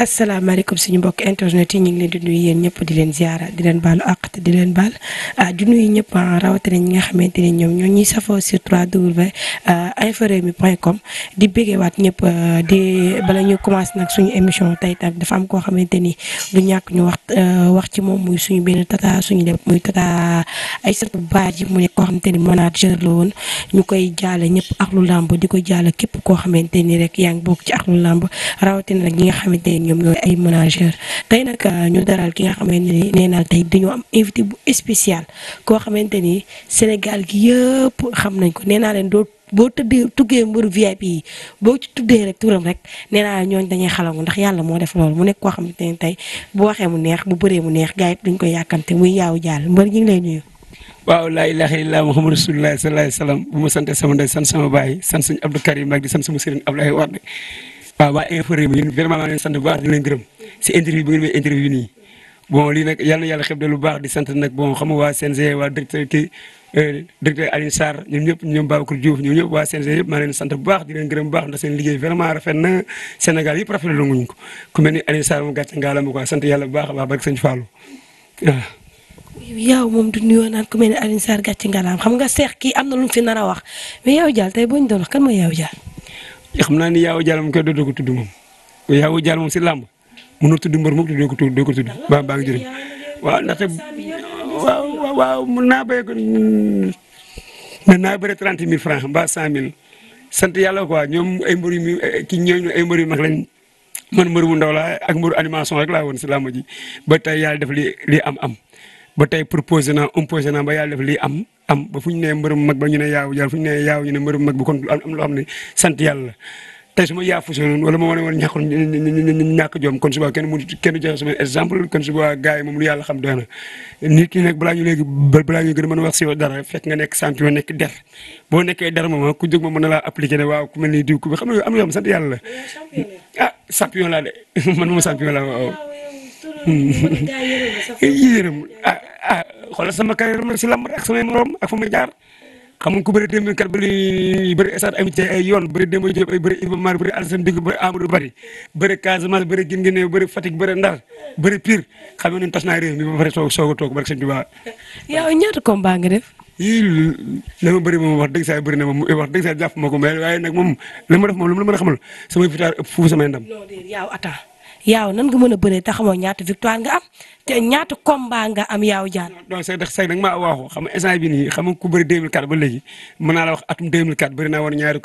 asalaamaaleykum suñu mbokk internet yi ñu ngi leen di nuyu yéen ñëpp di leen ziara di leen baalu àq te di leen baal ah, di nuyu ñëpp ah, rawatina ñi nga xamante ne ñoom ñoo ñuy safoo sur 3w inforewmi point com di bégewaat ñëpp ah, di bala ñu commencé nag suñu émission tey dafa am koo xamante ni du ñàkk ñu wax wax ci moom muy suñu benn tata suñu lépp muy tata Aïssatou Badji mu nekk koo xamante ni manager la woon ñu koy jaale ñëpp ak lu làmb di ko jaale képp koo xamante ni rek yaa ngi bokk ci ak lu làmb rawatina nag ñi nga xamante ni ñoom ñooy ay manager tey nag euh, ñu daral ki nga xamante ni nee naa tey dañoo am invité bu spécial koo xamante ni Sénégal gi yëpp xam nañ ko nee naa leen doo boo tëddee tuggee mbër VIP yi boo ci tuddee rek turam rek nee naa ñooñ dañuy xalangu ndax yàlla moo def loolu mu nekk koo xamante ne tey bu waxee mu neex bu bëree mu neex gars yi duñ koy yàkkante muy yaaw jàll mbër ñu ngi lay nuyu. waaw laa ilaha illallah muhammadu rasulullah sallallahu alayhi wasallam bu ma sante sama ndey sant sama baay sant suñu Abdou Karim ak di sant sama sëriñ Abdoulaye Wade waaw waa informé bi yéen vraiment maa ngi sant bu baax di leen gërëm si interview bi ngeen may interview ni bon li nak yalla yalla xeb de lu baax di sant nak bon xam wa waa CNG wa directeur ki directeur Alioune Sarr ñoom ñëpp ñoom Babacar Diouf ñoom ñëpp waa CNG yëpp maa leen sant bu baax di leen gërëm bu baax ndax seen liggéey vraiment rafet na Sénégal yi rafetlu lu nguñ ko ku melni Aline Sar mu gatt ngalam ko sant yalla bu baax ba baax barke sëñ Fallou waaw yow du nuyo nan ku melni Aline Sar gatt ngalam xam nga Cheikh ki amna lu fi nara wax mais yaw Dial tay buñ ñu doon wax kan mo yaw Dial xam naa ni yaawu jaal moom kenn doo ko tudd moom yaawu jaal moom si làmb mënoo tudd mbër moom doo ko tudd doo ko tudd baa baa ngi jëriñ waaw ndaxte waaw waaw mën naa béy ko mën naa bëre trente mille franc mbaa cent mille sant yàlla quoi ñoom ay mbër yu ki ñooñu ay mbër yu mag lañ man mbër bu ndaw laa ak mbëru animation rek laa woon si làmb ji ba tey yàlla def li li am am ba tey proposé naa imposé naa ba yàlla def li am am ba fu ñu nee mbërëm mag ba ñu ne yaaw jaar fu ñu nee yaaw ñu ne mbërëm mag ba kon am loo xam ne sant yàlla tey su ma yaafuse noonu wala ma wane woon ñàkkul ñàkk kon suba kenn mënut kenn joxe sama exemple kon suba gars yi moom lu yàlla xam doy nit ki nag balaa ñu léegi gën a mën a dara fekk nga nekk champion nekk der boo nekkee der moom ku jóg ma mën na laa appliqué ne waaw ku mel ni diw ku bi xam am na yoo xam yàlla ah champion yërëm ah a ah, xoolal sama carrière man si lamb ak samay morom ak fa ma jaar xam nga ko bëri démb kat ba li bëri esat yoon bari démb Diop ay bëri Iba Mar bëri Alassane Diouf bëri Amadou Bari bëri Casamance bëri Guinguinéo bëri Fatick nga ne tas naa réew mi ba pare soog soog a toog barke sëñ Tuubaa. yow ñaata combat nga def. yii la ma bëri moom wax dëgg saa bëri na moom wax ma ko mais waaye moom li def moom lu ma a xamal samay victoire ëpp fuufu samay yaaw nan nga mën a bëree te xamoo ñaata victoire nga am te ñaata combat nga am yaaw jaan. non say ndax say maa waxu xam nga instant bi nii xam nga ku bëri 2004 ba léegi mën naa la wax atum 2004 bëri naa woon ñaari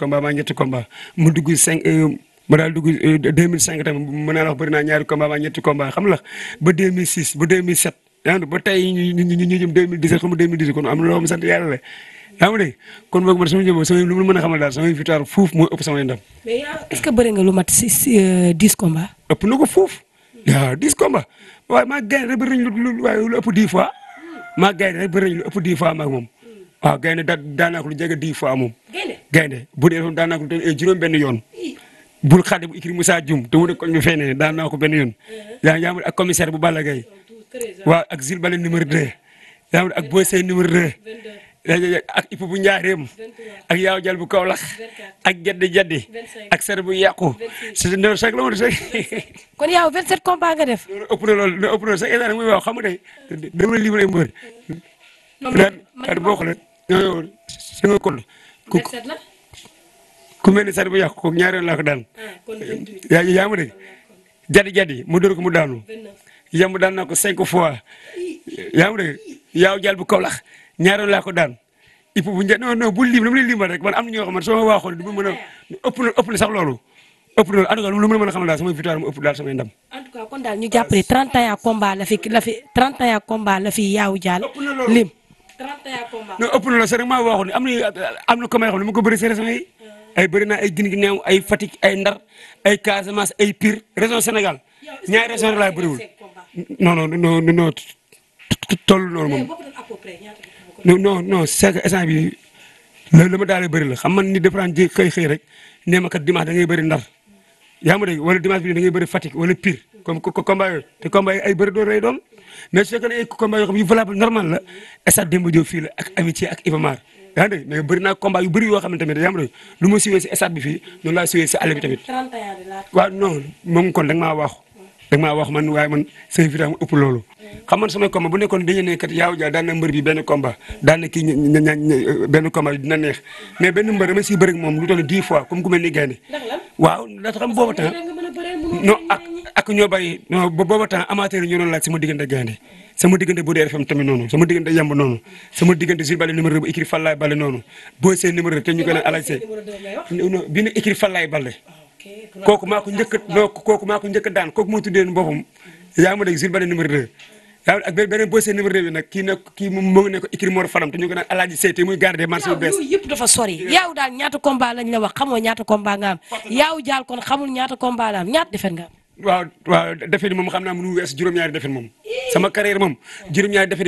mu dugg cinq euh, ma daal dugg 2005 euh, tamit mën naa la wax bëri naa ñaari combat maa ñetti combat xam la ba 2006 ba 2007 yaa ngi ba tey ñu ñu ñu ñu jëm 2017 xam nga kon am loo xam sant yàlla yaa ngi dégg kon boog man sama jëm sama lu mu mën a xamal daal sama victoire fuuf moo ëpp que bëri nga lu mat si euh, dix combats. ëpp na ko fuuf waaw dix combats waaye maa gay rek bëri lu ëpp dix fois maa gay rek bëri nañ lu ëpp dix fois maag moom waaw gay na lu jege dix fois moom. gay bu dee daan naa ko juróom-benn yoon. bul xaade bu ikri Moussa Dioum te mu ne ko ñu feneen daan naa ko benn yoon. Uh-huh. yaa ngi ak bu Balla Gaye waaw ak Zil Bale numéro 2 Ya, ya, ya. ak ipu bu njaareem ak yaaw jal bu kawlax ak jaddi jaddi ak ser bu yàqu si si ndox sax la woon sax kon yaaw 27 combat nga def loolu ëpp na loolu loolu ëpp na sax état muy waaw xam nga tey dama libre ay mbër daal boo xoolee ñoo si nga kon ku ku mel ser bu yàqu kooku ñaareel laa ko daan ah, yaa yaa ma dégg jaddi jaddi mu dóor ko mu daanu yamb daan naa ko fois yaa ma dégg yaaw jal bu kawlax ñaaroon laa ko daan ip bu njëkk non lim lu mu leen am na ñoo xam ne soo ma waaxoon du ma mën a ëpp na ëpp na sax loolu ëpp na en tout cas lu ma mën a xamal daal sama victoire mu ëpp daal samay ndam. en tout cas la fi la fi lim 31 combat. na loolu sax rek maa am na am na combat yoo mu ko bëri seen régions yi. ay bëri naa ay Guinguinéo ay Fatick ay Ndar ay Casamance ay Pire région Sénégal ñaari régions yi laay bëriwul. non loolu moom. non non non c'est que instant bi loolu la ma daal bëri la xam man ni dafa daan xëy xëy rek nee ma kat dimanche da ngay bëri ndar yaa ma dégg wala dimanche bi da ngay bëri Fatick wala Pire comme combat yooyu te combat yooyu ay bëri doon lay doon mais su fekkee ne ay combat yoo la mais bëri naa combat yu yoo xam ne tamit yaa ma ma si stade bi fii noonu laa siwee si àll bi tamit waaw non moom kon da ma maa dag maa wax man waaye man sëñ bi ëpp loolu. xam man samay combat bu nekkoon dañu ne kat yaaw jaa daan na mbër bi benn combat daan na kii benn combat dina neex mais benn mbër dama siy bëri ak moom lu toll dix fois comme ku mel ni gaynde waaw ndax xam booba temps non ak ak ñoo bàyyi non booba temps amateur yi ñoo doon laaj sama diggante gaynde sama diggante bu dee FM tamit noonu sama diggante yemb noonu sama diggante Jules Baldé numéro bu écrit Fallaye Baldé noonu boo seen numéro te ñu gën a alaj see bi nu écrit Fallaye Baldé kooku maa jëkk njëkk kooku njëkk daan kooku moo tuddee boppam yaa ma dégg sur beneen numéro 2 yaa ak beneen kii nag kii moom moo ngi ne ko ikir mor faram te ñu ko naan alaaji seyte muy garde marché bees yëpp dafa sori yaaw daal ñaata combat lañ la wax ñaata combat nga am yaaw jaal kon xamul ñaata combat ñaata defen nga waaw waaw defet yi moom xam naa mënu wees juróom-ñaari defet moom sama carrière moom juróom-ñaari defet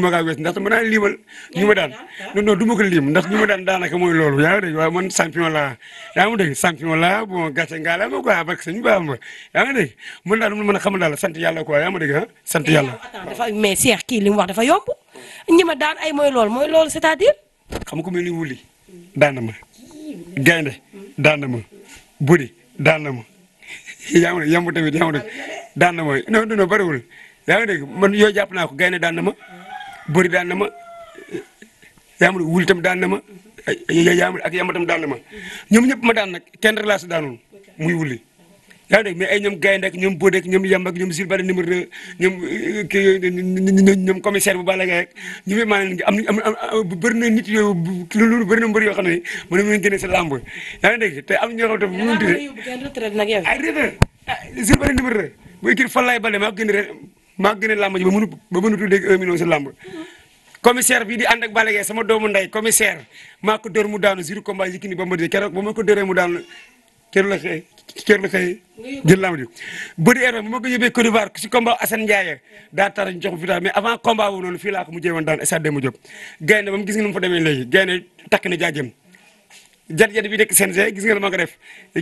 ma kaa wees ndax mën naa liimal ñu ma daan non non du ma ko liim ndax ñu ma daan daanaka mooy loolu yaa ngi dégg waaw man champion laa a ngi dégg champion laa bon gàcce ngaa la ma quoi barke ma yaa mën a xamal daal sant yàlla quoi yaa ma dégg ah sant yàlla dafa mais Cheikh kii li mu wax dafa yomb ñi ma daan ay mooy loolu mooy loolu c'est-à-dire xam nga ko mel ni wuli daan na ma gaynde daan na ma buri daan na ma yaa ngi yamb tamit yaa ngi daan na ma non non bëriwul yaa ngi dégg man yooyu jàpp naa ko gaynde daan na ma bëri daan na ma yaa ngi tam daan na ma yaa ngi ak yamb tam daan na ma mm-hmm. ñoom ñëpp ma daan na kenn rek daan si daanul wuli. yaa dégg mais ay ñoom gaynde ak ñoom bodek ñoom yamb ak ñoom silbare numéro deux ñoom euh, kii ñoom commissaire bu balaga Gaye ñu fi maanaam am am am bëri na nit yoo loolu bëri na mbër yoo xam ne mën na leen génne sa làmb yaa dégg te am ñoo xam te bu ñu tuddee ay retraite ah, silbare numéro deux bu écrit Falaye Baldé maa gën a maa gën a làmb ji ba mënu ba mënu tuddee un million sa commissaire di ànd ak Balla sama doomu ndey commissaire maa ko dóor mu daanu jur combat Yékini Bombardier keroog ba ma ko mu daanu la xëy Thierno Faye jël lamb ji bëri erreur bu ma ko yóbbee Côte d'Ivoire si combat Assane Ndiaye daa tar ñu jox victoire mais avant combat boobu noonu fii laa ko mujjee woon daan stade Demba Diop gaynde ba mu gis nga nu mu fa demee léegi gaynde takk na jaajëm jar-jar bi dëkk CNG gis nga la ma ko def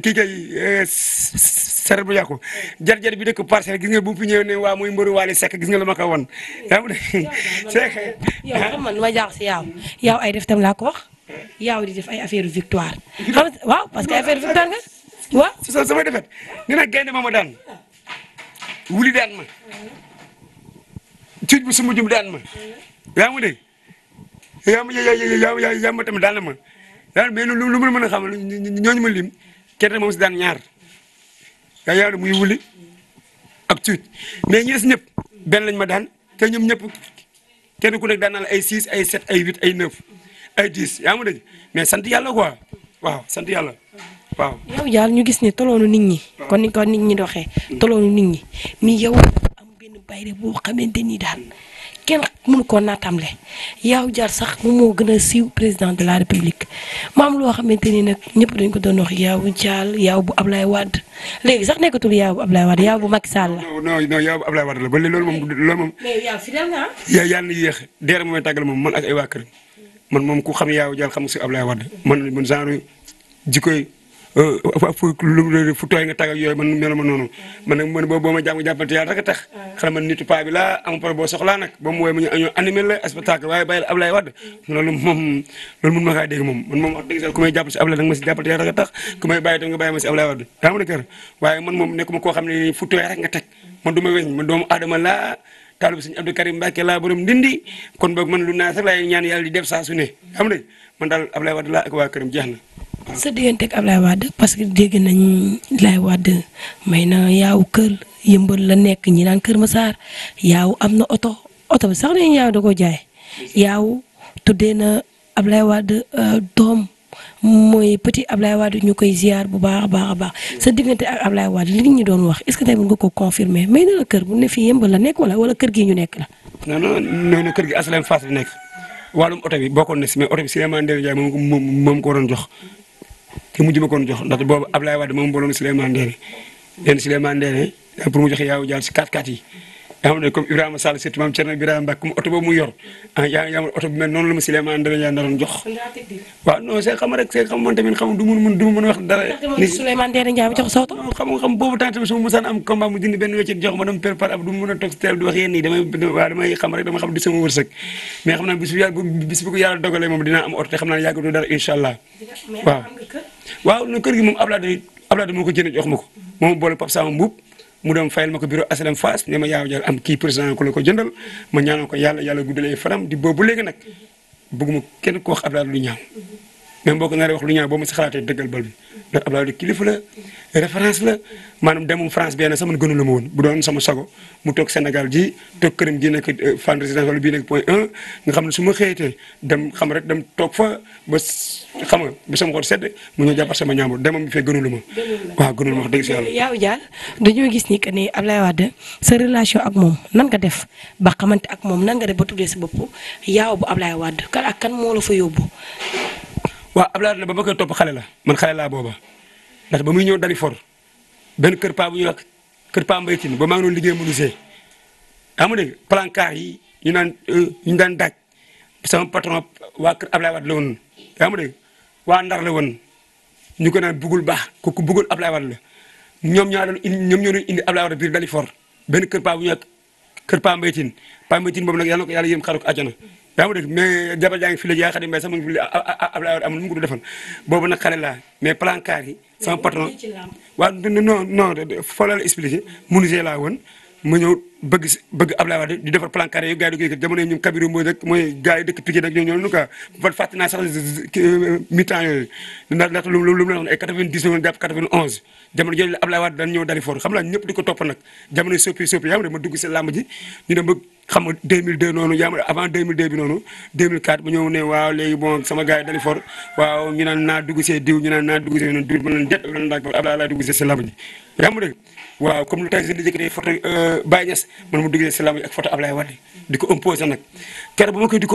kii kay euh, sare bu yàqu jar-jar bi dëkk parcelle gis nga bu mu fi ñëwee ne waa muy mbëru waale sekk gis nga la ma ko won yaa ngi dégg yow xam man ma jaax si yaaw yaaw ay def tam laa ko wax yaaw di def ay affaire victoire xam waaw parce que affaire victoire nga waaw si sama sama defet nga ne gaynde ma ma daan wuli daan ma ciit bu suma jum daan ma yaa ma de yaa ma yaa yaa ma tamit daan na ma daan mais lu mën a xam ñooñu ma lim kenn moom si daan ñaar yaa yaa muy wuli ak ciit mais ñi ñëpp benn lañ ma daan te ñoom ñëpp kenn ku nekk daan naa ay 6 ay 7 ay 8 ay 9 ay 10 yaa ma dégg mais sant yàlla quoi waaw sant yàlla waaw yow jaal ñu gis ne toloonu nit ñi. kon ni ko nit ñi doxee. Mm. toloonu nit ñi mais yow am benn bayre boo xamante ni daal kenn mënu koo naatamle yow jaar sax moom moo gën a siiw président de la république maam loo xamante ni nag ñëpp dañ ko doon wax yaaw jaal yaaw bu Ablaye Wade léegi sax nekkatul yaaw bu Ablaye Wade yaaw bu Macky Sall la. non non yaaw bu Ablaye Wade la ba léegi loolu moom loolu moom. mais yaaw fidèle nga ah. yàlla na yéex deer moom tàggal moom man ak ay waa kër man moom ku xam yaaw jaal xam si Ablaye Wade man man genre jikkoy Eh, fu fu tooy nga tàgg ak yooyu man mel ma noonu man nag man boobu boo ma jàmm jàppante yàlla rek a tax mm. xanaa man nitu paa bi laa am par boo soxlaa nag ba mu wooye ma ñu añoo animé la spectacle waaye bàyyil Ablaye Wade mm. loolu moom loolu mun ma kaa dégg moom man moom wax dëgg sax ku may jàpp si Ablaye nag ma si jàppante yàlla rek a tax mm. ku may bàyyi tam nga bàyyi ma si Ablaye Wade yaa ma ne kër waaye man moom nekkuma koo xam ne fu tooy rek nga teg man du ma weñ man doomu aadama laa taalib sëñ Abdou Karim Mbacke laa borom ndindi kon boog man lu naa sax laay ñaan yàlla di def saa su ne xam nga man daal Ablaye Wade laa ak waa këram jeex sa diggante ak Ablaye Wade parce que dégg nañ Ablaye Wade may na yaw kër yëmbal la nekk ñi naan kër ma Massar yaaw am na oto oto bi sax na yaaw da ko jaay yaaw tuddee na Ablaye Wade euh, doom mooy petit Ablaye Wade ñu koy ziar bu baax a a baax ñu doon wax est ce que tamit nga ko confirmer may na la kër bu ne fii yëmbal la nekk wala wala kër gi ñu nekk la. non non nee na kër gi asalaamaleykum Fass la nekk wàllum oto bi bokkoon na si mais oto bi Souleymane Ndéné Ndiaye moom moom ko waroon jox. te mujj ma koon jox ndax boobu Ablaye Wade moom booloon Souleymane Ndéné leen Souleymane Ndéné pour mu jox yaaw jaar si 4 Ah, ma waaw non c'est xam rek c'est xam man tamit xam du mun mun du mun wax dara. a naa bis bu yàlla moom dinaa am oto te xam naa yàggatu dara incha allah waaw waaw kër gi moom Abdoulaye Abdoulaye moo ko jënd jox ma ko moom boole Pape Sama mu dem fayal ma ko bureau asalam Fass ne ma yaaw jal am kii président ko la ko jëndal ma ñaanal ko yàlla yàlla guddalee fanam di boobu léegi nag bëgguma kenn ko wax Abdoulaye lu ñaaw même boo na naree wax lu ñaan bo ma si xalaatee dëggal bal bi ndax abdou di kilifa la référence la manam demum France bien sama gënu la ma won bu doon sama sago mu tok Sénégal ji tok kërëm gi nak euh, fan résidence wala bii nekk point 1 nga xamne suma su dem xam rek dem tok fa ba xam nga ba sama xol sedd mu ñu jappar sama ñaamul demam fi fee gënu la ma waaw gënul wax deug ci yalla yaaw jaal dañu gis ni que ni Abdoulaye Wade sa relation ak mom nan nga def ba xamanté ak mom nan nga def ba tuddee sa bop yaaw bu Abdoulaye Wade kan ak kan mo la fa yobbu waaw Abdoulaye la ba ma koy xale la man xale booba ndax ba muy ñëw dari for benn kër paa bu ñuy wax kër paa mbaytin ba maa ngi doon liggéey menuisier xam nga dégg palankaar yi ñu naan euh, ñu daan daaj sama patron waa kër Abdoulaye Wade la woon xam nga dégg waa Ndar la woon ñu ko naan bugul baax ku ku bugul Abdoulaye Wade la ñoom ñoo doon indi ñoom ñoo doon indi Abdoulaye Wade biir dali for benn kër paa bu ñuy wax kër paa mbaytin paa mbaytin boobu nag yàlla na ko yàlla yërëm xaru ko àjjana yaa ngi dégg mais jabar jaa ngi fi la yaa xam ne mais sama ngi fi la Abdoulaye Wade amul mu ngi ko defal boobu nag xale laa mais plancar yi sama patron waaw non non foo la expliqué menuisier laa woon ma ñëw bëgg si bëgg Ablaye Wade di defar plan carré yi gars yi di ko yi ñun Kabirou Mbodj rek mooy gars dëkk Pikine yooyu ndax lu lu lu mu la wax ay ñëw dali xam naa ñëpp di ko topp nag jamono soppi soppi yaa ma ma dugg si làmb ji ñu ne waaw léegi bon sama gars yi dali fort waaw dugg see diw ñu naan naa dugg see diw ma leen làmb ji yaa ma dégg waaw comme lu tax si di jëkkati photo euh, Baye Niass man mu dugalee salaam yi ak photo Ablaye Wade di ko imposé nag keroog ba ma koy di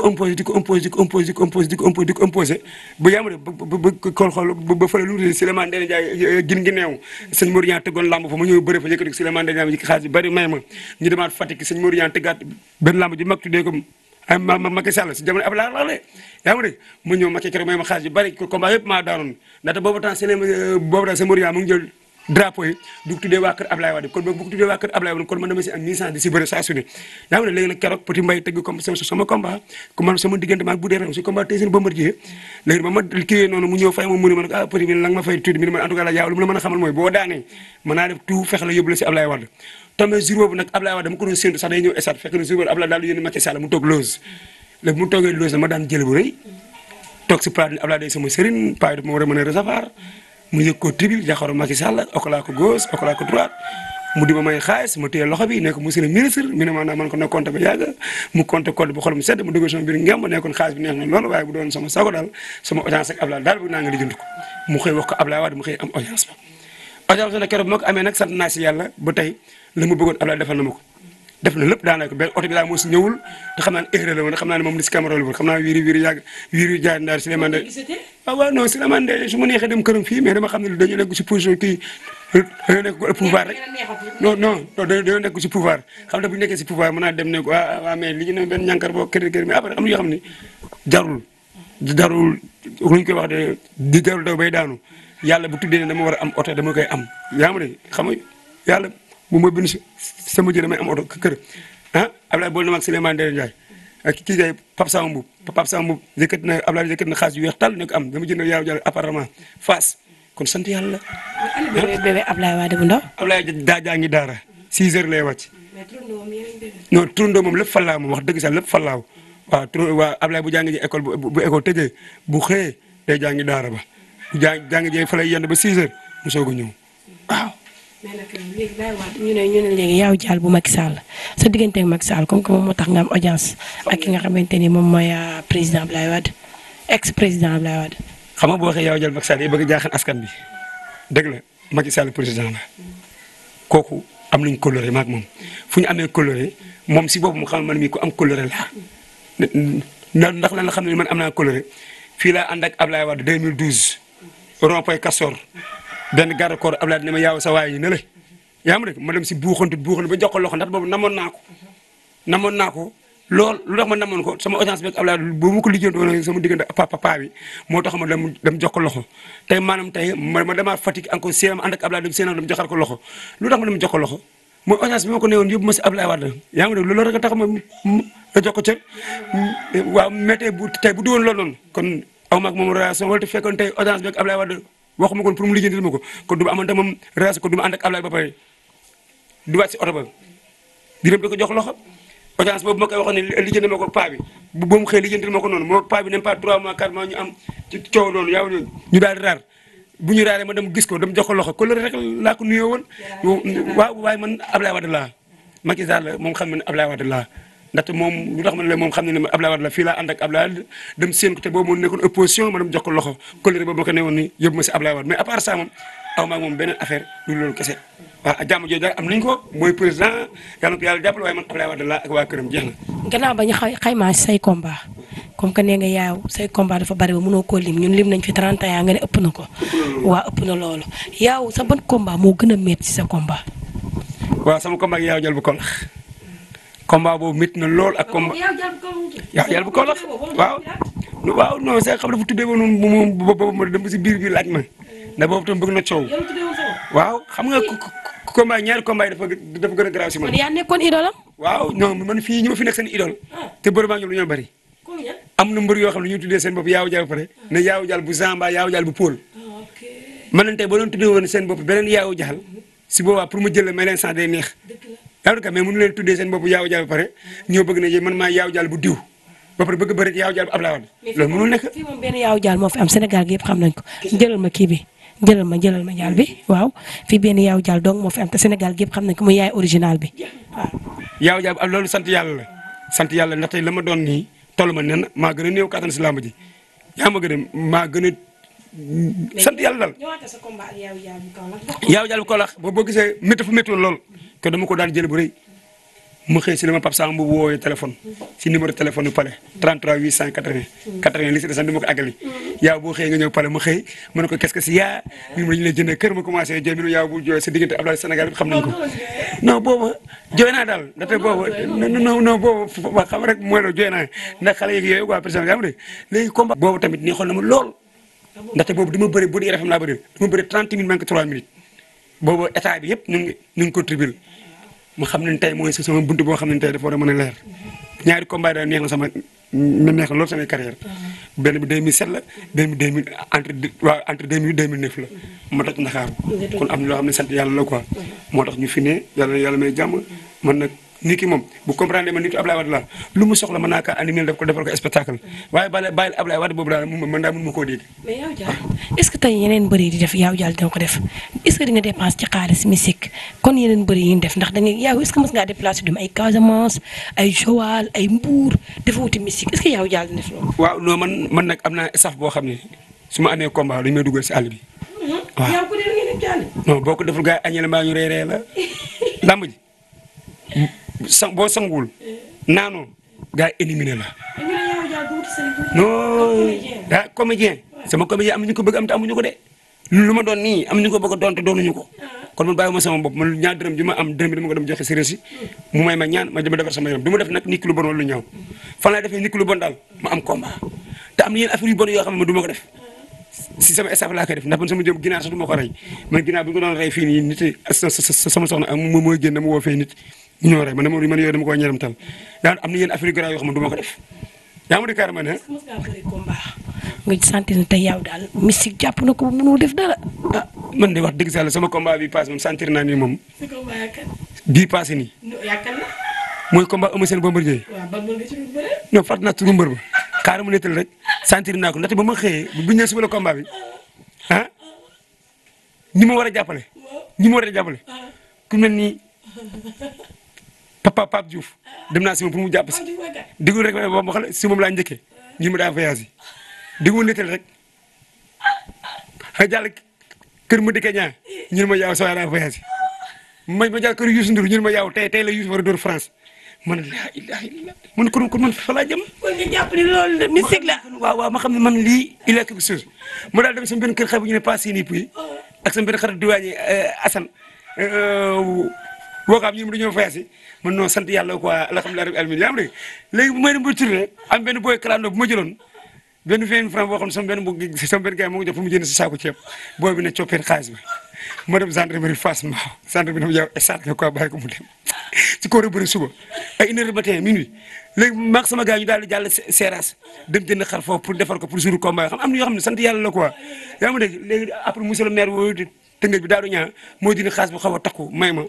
ko lu Souleymane Ndéné Ndiaye euh, euh, gin gi neew sëñ Mor tëggoon làmb fa ma ñëw bëri fa yëkkati ko Souleymane Ndéné Ndiaye xaalis bi may ma ñu ma ma keroog may ma xaalis bi bëri combat yëpp maa daanoon ndaxte boobu temps seen boobu temps sëñ Mor Niang jël drapeau yi du tuddee waa waa kër Ablaye Wade kon dama si am seen Bombardier ah sax day ñëw esat fekk na jour boobu Ablaye sama sëriñ paa yi daf war a mën a recevoir mu yëg ko tribune jàkkaarloo Macky Sall ok laa ko gauche ok laa ko droite mu di ma may xaalis ma téye loxo bi nekk monsieur le ministre mi ne ma naa man ko na compte ba yàgg mu compte compte bu xolum sedd mu dugg sama biir ngem nekkoon xaalis bi neex na loolu waaye bu doon sama sago daal sama audience ak Ablaye daal bëgg naa nga lijjanti ko mu xëy wax ko Ablaye Wade mu xëy am audience ba audience nag keroog bu ma amee nag sant naa si la mu ko def na lépp daanaka benn oto bi daal moo si ñëwul te xam naa ne erreur la woon xam naa ne moom si caméra woon xam naa wiiri wiiri yàgg wiiri ah, dem këram fii mais dama xam ne dañu nekk si nekk bu ñu dem ko ah, ah, kër kër mais après am xam ne jarul koy wax de di jarul daw bay daanu yalla bu tuddee ne dama war a am oto dama koy am yaa ma ne xam moom mooy bind sama jë damay am oto kër ah Ablaye boole na ma ak Souleymane ak kii gars yi Pape Sama Mboub Pape Sama Mboub yëkkat na Ablaye yëkkat na xaalis yu weex tàll ne ko am dama jënd yaaw jàll appartement Fass kon sant yàlla. bébé bébé Ablaye Wade bu ndaw. Ablaye daa jaa ngi daara 6 heures lay wàcc. non turandoo moom lépp fallaaw moom wax dëgg sax lépp fallaaw waaw tur waaw Ablaye bu jàngi ji école bu bu école tëjee bu xëyee day jàngi daara ba bu jàngi jàngi jee fa lay yenn ba 6 heures mu soog a mais ñu ne ñu léegi yaaw jaal bu Macky Sall sa diggante ak Macky Sall comme moo tax nga am audience ak ki nga xamante ni moom mooy euh, président Abdoulaye Wade ex président Abdoulaye Wade. xam nga boo waxee yaaw jaal Macky Sall yi bëgg jaaxal askan bi dëgg la Macky Sall président la kooku am nañ coloré maak moom fu amee coloré moom si boobu mu xam man ko am coloré la ndax lan la xam ne man am naa coloré fii laa ànd ak Abdoulaye Wade 2012 rond-point Castor benn garde corps Ablaye ne ma yaaw sa waay yi ne la yaa ma rek ma dem si buuxantut buuxantut ba jox ko loxo ndax boobu namoon naa ko namoon naa ko lool lu tax ma namoon ko sama audience bi ak Ablaye boobu ma ko lijjantoon sama diggante papa papa ma dem dem jox ko loxo tey maanaam a tax ma ma jox waaw mais bu tey bu duwoon loolu noonu kon aw ma ak moom relation wala te fekkoon tey audience bi ak Ablaye waxuma ko pour mu lijjantil ma ko kon du ma amante moom ko kon du ma ànd ak Ablaye ba pare du waat si oto ba di dem di ko jox loxo audience boobu ma koy waxoon ne lijjantil ma ko paa bi bu ba mu xëy lijjantil ma ko noonu moo paa bi nem pas 3 mois 4 mois ñu am coow noonu ñu daal di raar bu ñu raaree ma dem gis ko dem jox ko loxo ko loolu rek laa ko nuyoo waaw waaye man Ablaye Wade laa Macky Sall moom xam na ne Ablaye Wade laa ndaxte moom lu tax ma ne la moom xam ne ne Abdoulaye Wade la fii laa ànd ak Abdoulaye Wade dem seen ko te boobu moo nekkoon opposition ma dem jox ko loxo colère boobu ma ko ne woon ni yóbbu moom ko mooy président yàlla na ko yàlla jàppale waaye man Abdoulaye Wade laa ak waa këram jeex na gannaaw ba say combat comme que nee nga yaaw say combat dafa bari ba mënoo koo lim ñun lim nañ fi 30 ans nga ne na ko waa ëpp na loolu yaaw sa ban combat moo gën a métti si sa komba waaw sama combat ak yaaw jël bu kolax combat boobu métti na lool ak combat yaa yàlla bu ko lax waaw waaw non c'est xam dafa tuddee bu moom boobu ma dem si biir bi laaj ma ndax boobu tam bëgg na coow waaw xam nga combat ñaari combat yi dafa dafa gën a grave si man yaa nekkoon idol. waaw non man fii ñu ma fi nekk seen idole ah. te bëri maa ngi lu ñoo bëri am na mbër yoo xam ne ñu tuddee seen bopp yaaw jaal pare ne yaaw jaal bu zamba yaaw jaal bu pôle ah, man leen tey boo leen tuddee woon seen bopp beneen yaaw jaal si boobaa pour ma jël may leen sant day neex yaa ka mais mënu leen tuddee seen bopp yaaw jaal ba pare ñoo bëgg na man maa yaaw jaal bu diw ba pare bëgg bëri yaaw jaal bu Abdoulaye Wade loolu mënul nekk fii moom benn yaaw jaal moo fi am Sénégal gi yëpp xam nañ ko jëlal ma kii bi jëlal ma jëlal ma jaal bi waaw fii benn yaaw jaal sant yàlla sant yàlla ndax la ma doon nii toll ma nen maa gën a néew kattan si làmb a a yaaw jaal bu Kaolack boo gisee métti fu métti woon te dama ko daan jël bu reuy mu xey ci dama pap sang bu woyé téléphone ci numéro téléphone yu pale 33 80 li ci desan dama ko àggali yaaw boo xëy nga ñëw pale ma xëy ma ne ko qu'est-ce que si yaa ñun dañu lay jëndee kër ma commencé jooy minu yaaw bu jooy sa diggante Abdoulaye Sénégal xam nañ ko non boobu jooy naa tamit ni na lool ndaxte bëri bu di rafam la bëri dima bëri 30 minutes manque 3 minutes bobu état bi yépp ñu ngi ñu ngi ma xam ne tey mooy si sama buntu boo xam ne tey dafa war a mën a leer ñaari combat daal neex na sama na neex na loolu sama carrière benn bi 2007 la benn bi 2000 entre waaw entre 2008 2009 la ma toj Ndakaaru kon am loo xam ne sant yàlla la quoi moo tax ñu fi ne yàlla yàlla may jàmm man nag niki mom bu comprendre man niki ablaye wad la lu mu soxla manaka naka animer def ko defal ko spectacle waye bal bal ablaye wad bobu dal man da mu ko deg mais yaw jall est ce que tay yenen beuri di def yaw jall dang ko def est ce que di nga dépense ci xaaliss musique kon yenen beuri yi def ndax da nga yaw est ce que mas nga déplacer dum ay casamance ay joual ay mbour def wuti musique est ce que yaw jall def lo waaw no man man nak amna staff bo xamni suma amé combat mm-hmm. lu may duggal ci albi yaw ko def ngeen jall non boko deful gaay agnel ma ñu réré la lamb ji sang sangul sanguwul naanoo éliminé la. no da comédien sama comédien am ñu ko bëgg am te amuñu ko dé luma don ni nii am ñu ko bëgg don doon te doonuñu ko kon man bayuma sama bop man ñaar dërëm juma am dërëm dama ko dem joxe sëriñ si mu may ma ñaan ma dama defar sama yaram du def nak nit lu bon wala lu ñaaw fan laay defee nit lu bon dal ma am combat ta am na affaire yu bon yo xam ma duma ko def si sama staff la ko def na bon sama jëm ginaar sa duma ko ray man ginaar bu ko don ray fi ni nit sama soxna am mooy génn mu wo fe nit ñoo ya ya kan? ya kan? rek man man yoy dama ko ñëram tam daal am ni yeen afrique gra yo xam duma ko def ya ma di carrément ne. mos ngaa bëri combat nga sentir ne tey yow daal mystique japp na ko mënoo def dara. man di wax deug sa sama combat bi paase moom sentir na ni mom bi passé ni yakal na. moy combat amu sen Bombardier. wa ban mbër nga ci mbër. non fàtt naa turu mbër ba carrément nettal rek sentir na ko ndaxte ba ma xëyee bu ñu nee suba la combat bi ah ni mo wara jappalé ni mo wara jappalé ku melni papa pap Diouf dem na sima pour mu japp ci digul rek mo xal ci mom la ñëkke ñu mu da voyage yi digu nettali rek xëy jall keur mu dikkee ñaa ñun ma yaw sa voyage may ma jall keur Youssou ndur ñun ma yaw tay tay la Youssou war a France man la ilaha illallah man ko ko man fa la jëm. ko ñu japp ni loolu mystique la. wa wa ma xamni man li il y a quelque chose ma daal dem sama ben keur xabu ñu ne Passy ni puis oh. ak sama ben xarit diwaan yi euh, Assane. Euh, wookaam ñun dañoo voyagé man non sant yàlla quoi alhamdulilah rabbil alamin yaa ngi dégg léegi bu may dem ba tourné am benn booy clando bu ma jëloon benn vingt franc boo xam ne sama benn mu jënd si saako ceeb suba am na yoo xam ne yaa ngi dégg léegi après monsieur le maire tëngëj bi daaru ñaa moo dina xaas bi xaw a takku may ma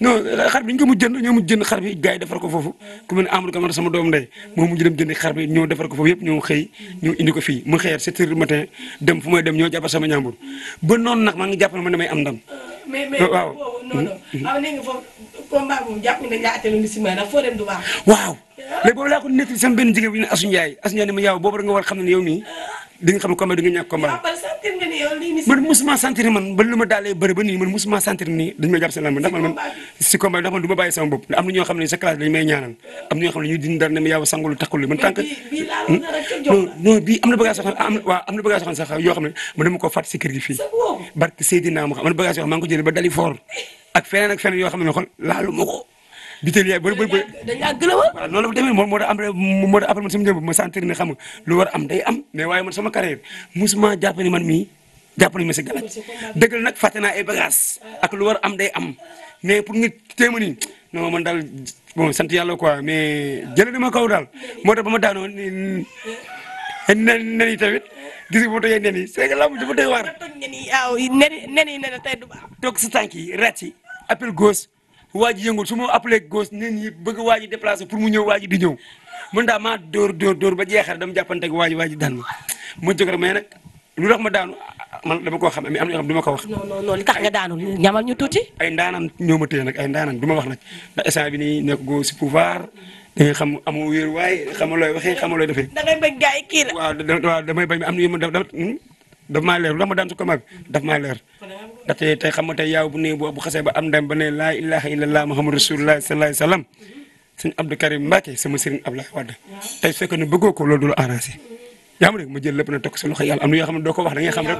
non xar bi ñu ko mujj jënd ñoo mujj jënd xar bi gars yi defar ko foofu ku mel ne Amadou Camara sama doom ndey moo mujj dem jënd xar bi ñoo defar ko foofu yëpp ñoo xëy ñoo indi ko fii mu xëyaat sept heures du matin dem fu may dem ñoo jàppal sama ñaambur ba noonu nag maa ngi jàpp ne man damay am ndam waaw waaw mais bobu la ko nekk sama ben jigéen bu ñu ne Assou Ndiaye Assou ma yaw bobu nga war xamni yow ni di nga xam ko combat di nga ko combat man musuma sentir man ba luma dalé daalee ba ni man musuma sentir ni dañ ma jàpp sa lamb ndax man ci si combat ndax man du ma sama bop am na ñoo xamni sa classe dañ may ñaanal am na ñoo xam ñu dindi dar ne ma yaw sangul takul man tank no bi non am na bagage xam waaw am na bagage xam sax yo xamni man dama ko fat ci kër gi fi barke sayidina xam man bagage xam ko ba dali for ak feneen ak feneen yo xamni xol laalu bitéel yaay bëri bëri. dañ a war. waaw loolu tamit moom moo tax après moo tax après ma sentir ne xam nga lu war am day am mais waaye man sama carrière musuma jàpp man mii jàpp ma si galaaj dëgg la nag fàtte naa ay bagages lu war am day am mais pour nga téema nii non man daal bon sant yàlla quoi mais jëlee dama kaw daal moo tax ba ma daanoo nen nen yi tamit gis nga bu tooyee nen yi c'est que lamb dafa doy waar. nen yi yi nen tey du baax. toog si tànk yi ràcc appel waa ji yëngul su ma appelé gos nit ñi bëgg waa ji déplacé pour mu ñëw waaj ji di ñëw man daa maa dóor dóor ba jeexal dama jàppanteeg waa ji waa ji daan ma ma jóg rek mais lu tax ma daanu man dama koo xam mais am na yoo xam ma ko wax. non non li tax nga daanu ñamal ñu tuuti. ay ndaanaan ñoo ma téye nag ay ndaanaan du ma wax nag ndax instant bi nii nekk goo si pouvoir da ngay xam amoo wéer waaye xamalooy waxee xamalooy defee. da ngay bañ gars yi kii la. waaw damay bañ am na daf maa leer loo ma daan su ko mag daf maa leer ndaxte te xam nga te yaaw bu ne bu xasee ba am ndam ba ne laa ilaha illallah muhammadu rasulullah sallallahu alayhi wasallam sëñ Abdou Karim Mbacke sama sëriñ Abdoulaye Wade tey su fekkee ne bëggoo ko loolu du la arrangé yaa ma dégg ma jël lépp na tokk si loxo yàlla am na yoo xam ne doo ko wax da ngay xam rek.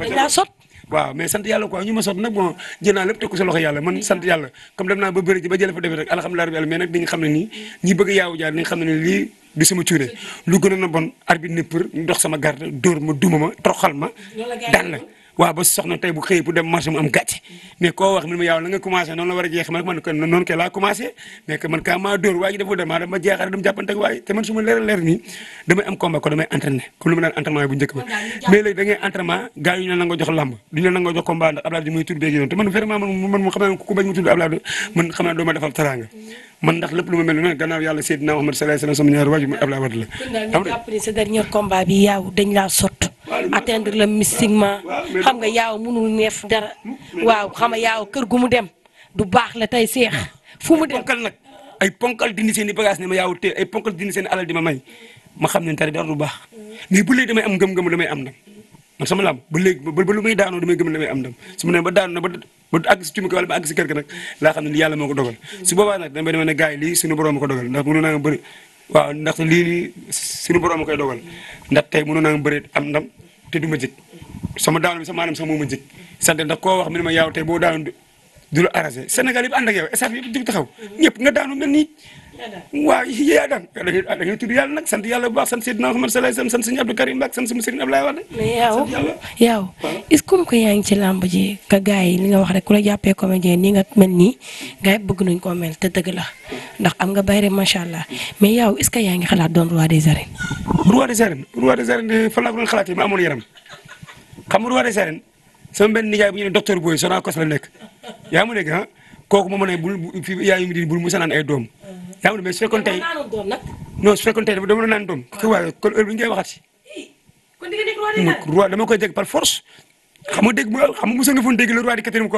waaw mais sant yàlla ko ñu ma sot nag bon jël naa lépp teg ko sa loxo yàlla man sant yàlla comme dem naa ba bëri ji ba jële fa defee rek alhamdulilah rabbi yàlla mais nag dañu xam ne nii ñi bëgg yaawu jaar xam ne nii lii du sama cuune lu gënoon a bon arbitre ne pour sama garde dóor ma duma ma troxal ma daan wa ba soxna tay bu xey bu dem marché mu am gatti mais ko wax min ma yow la nga commencé non la wara jeex man man non ke la commencé mais que man ka ma dor waji ji dafa dem maa dama jeexaare dama jàppante ak waji te man suma ma leer ni dama am combat ko dama entraîner ko luma ma entraînement bu njëkk ba mais lay da ngay entraînement gaay ñu la nga jox lamb du ñu la nga jox combat ndax Abdoulaye di muy tudd béegi te man vraiment man man mu xamé ku bañ mu tudd Abdoulaye man xamé do ma defal taranga man ndax lepp luma mel noonu gannaaw yalla sayyidina Muhammad sallallahu alayhi wa sallam sama ñaari waajur Abdoulaye Wade la sotte atteindre le mystiquement xam nga yaaw munu neef dara waaw xam nga yaaw keur gumu dem du bax la tay cheikh fu mu dem ponkal nak ay ponkal dindi seen bagage ni ma yaaw te ay ponkal dindi seen alal di ma may ma xam ni tari dara du bax ni bu lay damay am gem gem damay am nak man sama lam bu leg bu lu may daano damay gem damay am dam sama ne ba daano ba ba àgg ci cumi ko wala ba àgg kër ga nag xam ni yalla moko dogal su boba nak dama demee ne gars suñu borom ko dogal ndax munu na nga bëri waaw ndax li suñu borom koy dogal ndax tay munu na nga bëri am ndam te du ma jëg sama daanu bi sama maanaam sax moo ma jëg sant ndax koo wax mi ne ma yaaw tey boo daanu du la arrangé Sénégal yëpp ànd ak yow staff yëpp di taxaw ñëpp nga daanu mel nii waaw yaa daan da ngay sant yàlla bu baax sant Seydina Muhammad sallallahu yaa ngi ci làmb yi li nga wax rek ku la jàppee comédien nii nga mel nii gars yi la ndax am nga bayre macha allah mais yow est yaa ngi xalaat doon roi des arènes roi des arènes roi des arènes euh, fan laa ko sa xalaatee ma amoon yaram xam nga roi des arènes sama benn nijaay bu ñu ne la nekk yaa ma dégg ah kooku moom ne bul fi yaay mu di bul mu sanaan ay doom yaa ngi mais su fekkoon tey non su fekkoon naan doon ko waaye kon heure bi ñu koy waxati. roi dama koy dégg par force. xam nga dégg xam nga mos nga foon dégg le roi du quatrième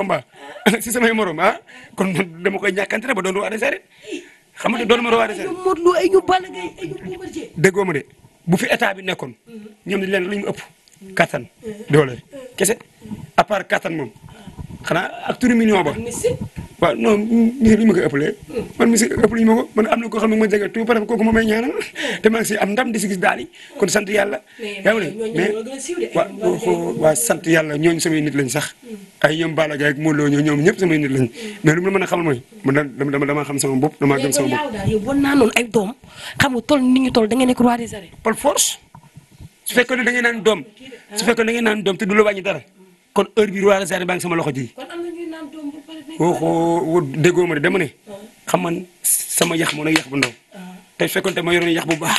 si samay morom ah kon dama koy ñàkkante ba doon roi des arènes xam nga doon ma roi des arènes. déggoo ma de bu fi état bi nekkoon ñoom dañ leen lu ñu ëpp kattan mm-hmm. doole kese à part kattan moom xanaa ak turu million ba waaw non li ma koy ëppalee man misi ëppale ñu man am na koo ma tout ma may ñaanal hmm. si am ndam di si gis daal kon sant yàlla yaa ngi mais waaw waaw sant yàlla ñooñu nit lañ sax hmm. ay ñoom Balla Gaye ak Modou Lo ñoo ñoom ñëpp samay nit lañ hmm. mais lu mu la mën a man dama dama dama xam sama dama gëm sama yow bon ay xam nga ñu da nga roi des par force su fekkoon da nga naan doom su fekkoon da nga naan doom te du la dara kon heure bi roi des baa ngi sama loxo ji. kon am na ñuy ma de dama ne. xam man sama yax moo nag yax bu ndaw. te fekkoon te ma yoroon yax bu baax.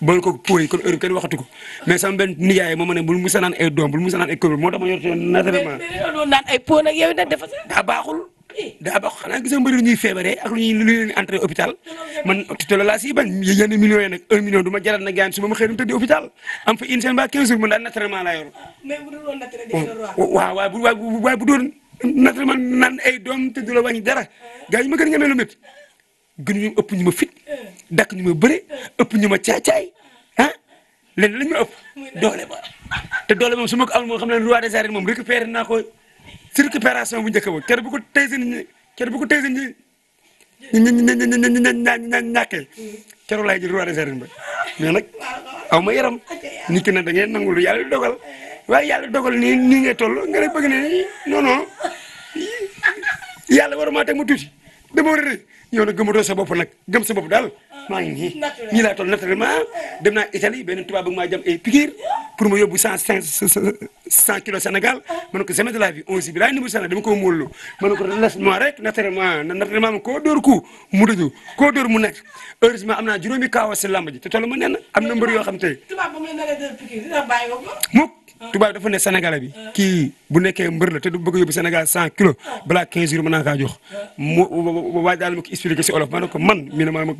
boole ko puuy kon heure bi kenn waxatu ko mais sama benn nijaay moo ma ne bul musa naan ay doom bul musa naan ay kër moo tax yor naturellement. mais mais ay po nag yow nag dafa. daa baaxul. daa bokk xanaa gis nga mbëri ñuy feebaree ak ñuy ñu leen entrer hôpital man te la si ban bañ million nak 1 million duma jarat jaral na gaan su ma ma xëy hôpital am fa une semaine ba 15 jours man daal naturellement la yor. mais bu dul woon dé waaw wa wa bu doon naturellement nan ay doom te dula wañ dara gaay ma gën a ñemee lu métti gën ñu ëpp ñuma fit dak ñuma bëré ëpp ñuma ma caacaay ah lenn lañ ma ëpp doole ba te doole mom suma ko am mo xam ne roi des arènes mom récupérer na ko circulation bu njëkk ba kër bu ko tey si nit ñi kër bu ko tey si nit ñi ñu ñu ñu ñu ñu ñàkkee keroog laay jël roi des arènes ba mais nag aw ma yaram nit ki nag da ngeen nangu lu yàlla dogal waaye yàlla dogal nii nii ngay toll nga ne bëgg ne non non yàlla waruma teg ma tuuti dama war a yow nag gëmutoo sa bopp nag gëm sa bopp daal ah, maa ngi nii ñii laa toll maa jam ay piqûre pour ma yóbbu cent cinq cent kilos ma ne ko de la vie onze bi laay numéro dama ko móolu ma ne ko les mois rek naturellement naturellement koo dóor ku mu dëju koo dóor mu nekk heureusement am naa juróomi kaawa si lamb ji te tollu nen am na yoo xam te tubaab dafa ne Sénégalais bi kii bu nekkee mbër la te du bëgg a yóbbu Sénégal cent kilos balaa quinze jours mën naa kaa jox mu waaj daal ma ko expliqué si olof ma ne ko man mi ma man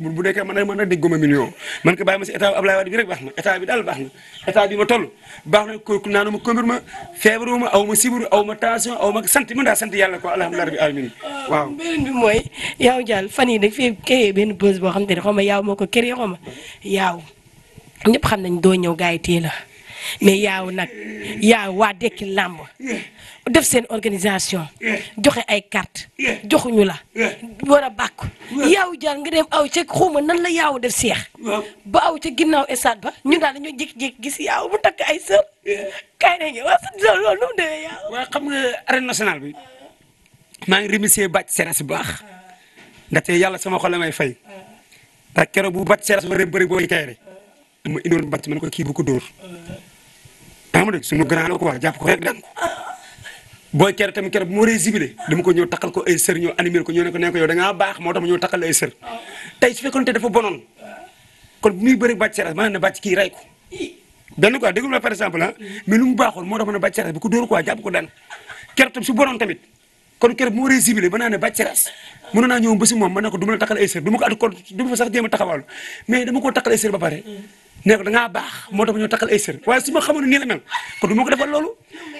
ko bàyyi ma si état bi na état bi daal baax na état bi ma toll baax na kooku naanu ma kombir ma feebaru aw ma siburu aw ma tension aw ma sant mën daa sant yàlla ko alhamdulilah rabbi alamin euh, waaw yaaw Dial fan yi daf fii créé benn buzz xam te ne xaw yaaw moo ko créé xaw la mais yaaw nag yaaw waa dekki làmb def seen organisation joxe ay carte joxuñu la war a bàkku yaaw jaar nga dem aw ca xuuma nan la yaaw def seex ba aw ca ginnaaw estade ba ñu daal dañoo jékki-jékki gis yaaw mu takk ay waa sa sër loolu xam nga arène national bi maa ngi remercier bàcc seras bu baax ndaxte yàlla sama xol may fay ndax keroog bu bàcc seras ba bëri booy kayre ma indoon bàcc man ko kii bu dóor xam nga suñu grand la quoi jàpp ko rek daan boy booy ker tamit ker bu ma résibile dama ko ñew takal ko ay sër ñu animer ko ñu ne ko ne ko yow da nga bax moo tax ma ñëw ay sër tay su fekkon té dafa bonon kon bu muy bëri bacc seras man na bacc ki ray ko ben quoi déglu la par exemple ah mais lu mu baaxoon moo na bacc a bàcc seras bu ko dóor quoi jàpp ko dan ker tam su bonon tamit kon ker mo ma résibile ba na na bacc seras mu na ñew ba si moom ma ne ko duma takal ay sër duma ko at ko duma sax jéem taxawal mais dama ko takal ay sër ba pare nek da nga bax moo tax ñu takal ay sir way suma ma ni la mel ko duma ko defal lolu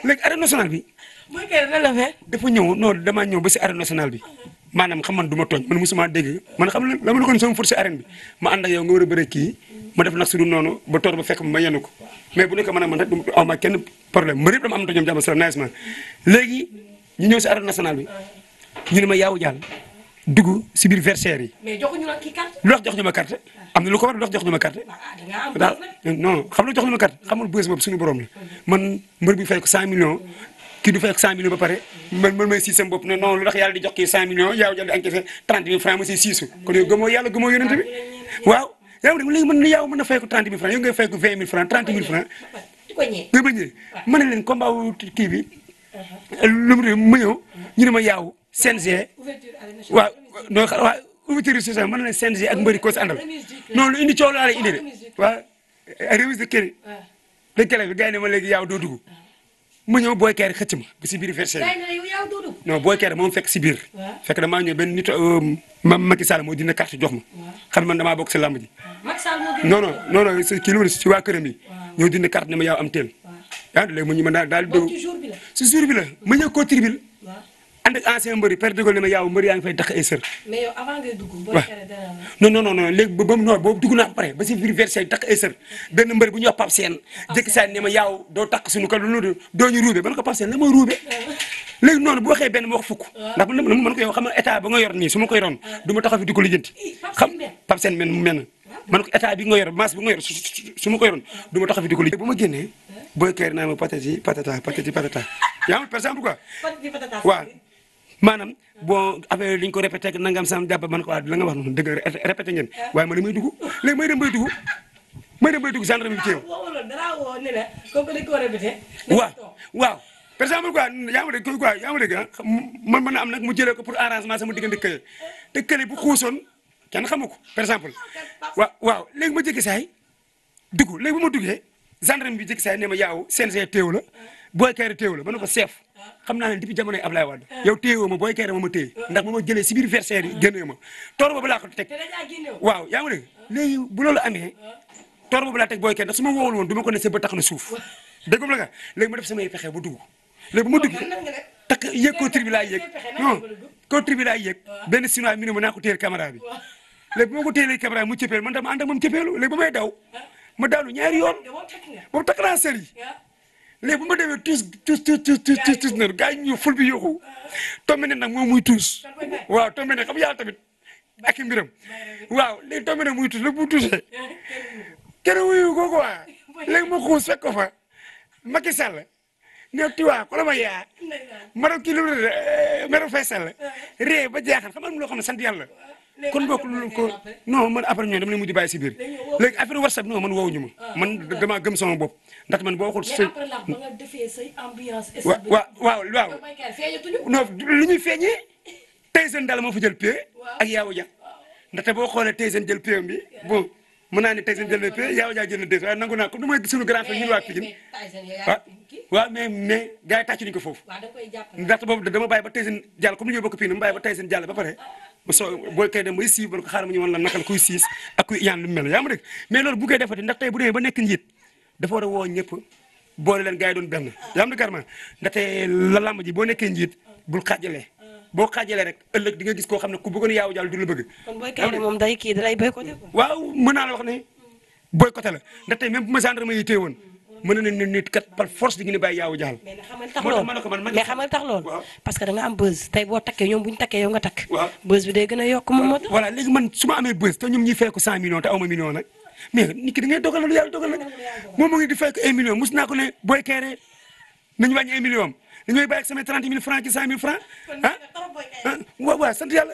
leg arena national bi. mooy kay lan la fee. dafa ñew no dama ñew ba ci arena national bi manam xam man duma togn man musuma deg man xam la ma ko sama force arena bi ma and ak yow nga wara a bëre kii ma def nak su nonu ba tor ba fekk ma yenn ko mais bu nekkee man ak man rek du am ma kenn problème mbir yëpp dama am tooñam jamm salaam nice man legi ñu ñew ci arena national bi ñu ne ma yaawu jall dugg si biir versaire yi. mais joxuñu lu tax jox ñu ma carte ah. am na lu ko war lu tax jox ñu ma carte. waaw ah, non xam lu jox ñu ma carte xamul bës boobu suñu borom la. man bi fay ko 100 millions kii du ba pare man man may siis sam bopp ne non lu tax yàlla di jox kii 100 millions yaa jël di encaissé 30 mille francs ma siy siisu kon yow gëmoo yàlla gëmoo yonent bi waaw yow nag léegi man yow mën na fay ko 30 mille francs yow ngay fay ko 20 mille francs 30 mille francs nga bañee ma ne leen combat kii bi lu mu ma ñëw ñu ne ma yaaw CNG waaw non waaw ouverture saison mën ma ne CNG ak mbëri ko si àndal non lu indi coow laa lay indi de ah, waaw remise de kër ah. de kër ma léegi doo ah. ma ñëw booy keer xëcc si biir verset non booy keer moom si biir fekk damaa ñëw benn nit euh, ma Macky Sall moo dina carte jox ma xam man damaa bokk si làmb ji non non non non la woon si waa këram yi ñëw dina carte ne ma yaaw am teel ah léegi ma ñu ma daal daal si jour bi ma ñëw ko tribune ànd ak ancien mbëri père Degol ne ma yaaw mbëri yaa ngi fay tax ay sër. mais yow dugg. boo xoolee dara la non non non léegi ba mu noor boobu dugg naa ba pare ba si biir verset tax ay benn mbëri bu ñuy wax jëkk saa ne ma yaaw doo tax suñu kàddu lu doo ñu ruube ba ko Pape la ma ruube. Ah. léegi noonu bu waxee benn ma wax fukk ah. ndax man man ko yow xam nga ba nga yor nii su ma ko yoroon ah. du ma taxaw fi di ko lijjanti bi nga bu ma génnee booy kër naa ma patati patata yaa maanaam bon affaire yooyu dañu ko répété ak nangam sam jàpp man ko waa ah la nga wax noonu dëgg répété ngeen waaye man damay dugg léegi may dem bay dugg may dem bay dugg gendarme bi ci yow. Ah, waaw waaw par exemple ma ma dégg ah man mu jëlee ko pour arrangement sama diggante kële te kële bu xuusoon kenn xamu ko par exemple ah, waaw waaw léegi ma jëkki saay dugg léegi bu ma duggee gendarme bi jëkki saay ne ma yaaw CNG teew la boo kayri teew la ma ko chef xam naa ne depuis jamonoy Ablaye Wade ah. yow téyewoo ma booy kayre ma ma téye ah. ndax ma ma jëlee si versaire yi ma toor boobu laa ko teg waaw yaa ngi dégg ah. léegi bu loolu amee toor boobu laa teg booy kayre ndax su ma woowul woon du ma ko ne sa ba tax na suuf déggum la nga léegi ma def samay pexe ba dugg léegi bu ma dugg takk yëg koo tribi laay yëg non koo tribi laay yëg benn sinois mi ne ma naa ko téyel caméra bi léegi bu ma ko téyelee caméra mu cëppeel man tam ànd ba may daw ma daalu ñaari yoon boobu takk naa sër yi léegi bu ma demee tuus tuus tuus tuus tuus tuus tuus na gaa ñu ful bi yóku tombe ne nag moom muy tuus waaw tombe ne xam yàlla tamit ak i waaw léegi tombe ne muy tuus léegi bu tuusee kenn wuyu ko quoi léegi ma xuus fekk ko fa Macky Sall ne tuwaa ko la ma yaa maro kii lu mero eh, fay ba jaaxal xam am loo xam ne sant yàlla kon bokk lu ko non man après ñoom dama leen mujj bàyyi si biir léegi affaire whatsapp non man woowuñu ma man damaa gëm sama bopp ndax man boo waxul sëy waaw waaw waaw non lu ñuy feeñee Tyson daal moo fa jël pied ak Yawou Dia ndaxte boo xoolee Tyson jël pied bi bon mën naa ne Tyson jël na pied Yawou Dia jël na deux waaye nangu naa comme du may suñu grand frère ñun waa Pikine waaw ah, waaw mais mais gars yi tàcc nañu ko foofu ba Tyson jàll comme ni ñuy bokk Pikine dama bàyyi ba Tyson jàll ba pare bu soo boo koy dem bay sii ba ko xaaral ma ñu woon la nakal kuy siis ak kuy lu mel yaa ma dégg loolu bu defati ndax tey bu demee ba nekk njiit dafa war a woo ñëpp boole leen gars yi doon benn yaa ma dégg garma ndaxte la làmb ji boo nekkee njiit bul xaajalee boo xaajalee rek ëllëg di nga gis koo xam ne ku bëggoon yaaw jàll du la bëgg. kon booy kay moom day kii dalay boycotté waaw mën naa la wax ne boycotté la ndaxte même bu ma gendarme yi téye woon mën nañ ne nit kat par force di ngeen bàyyi yaawu jaxal mais xamal tax loolu parce que nga am buzz tey boo takkee ñoom bu ñu takkee yow nga takk buzz bi day gën a yokk moom moo tax voilà léegi man su amee buzz te ñoom ñuy fay cent millions te aw million nag mais nit ki da ngay dogal lu yàlla dogal nag moom mu ngi di fay ko un million mos naa ko ne booy keere nañu wàññi un million li ngay bàyyi ak samay mille francs ci 100 mille francs ah? ah waaw waaw sant yàlla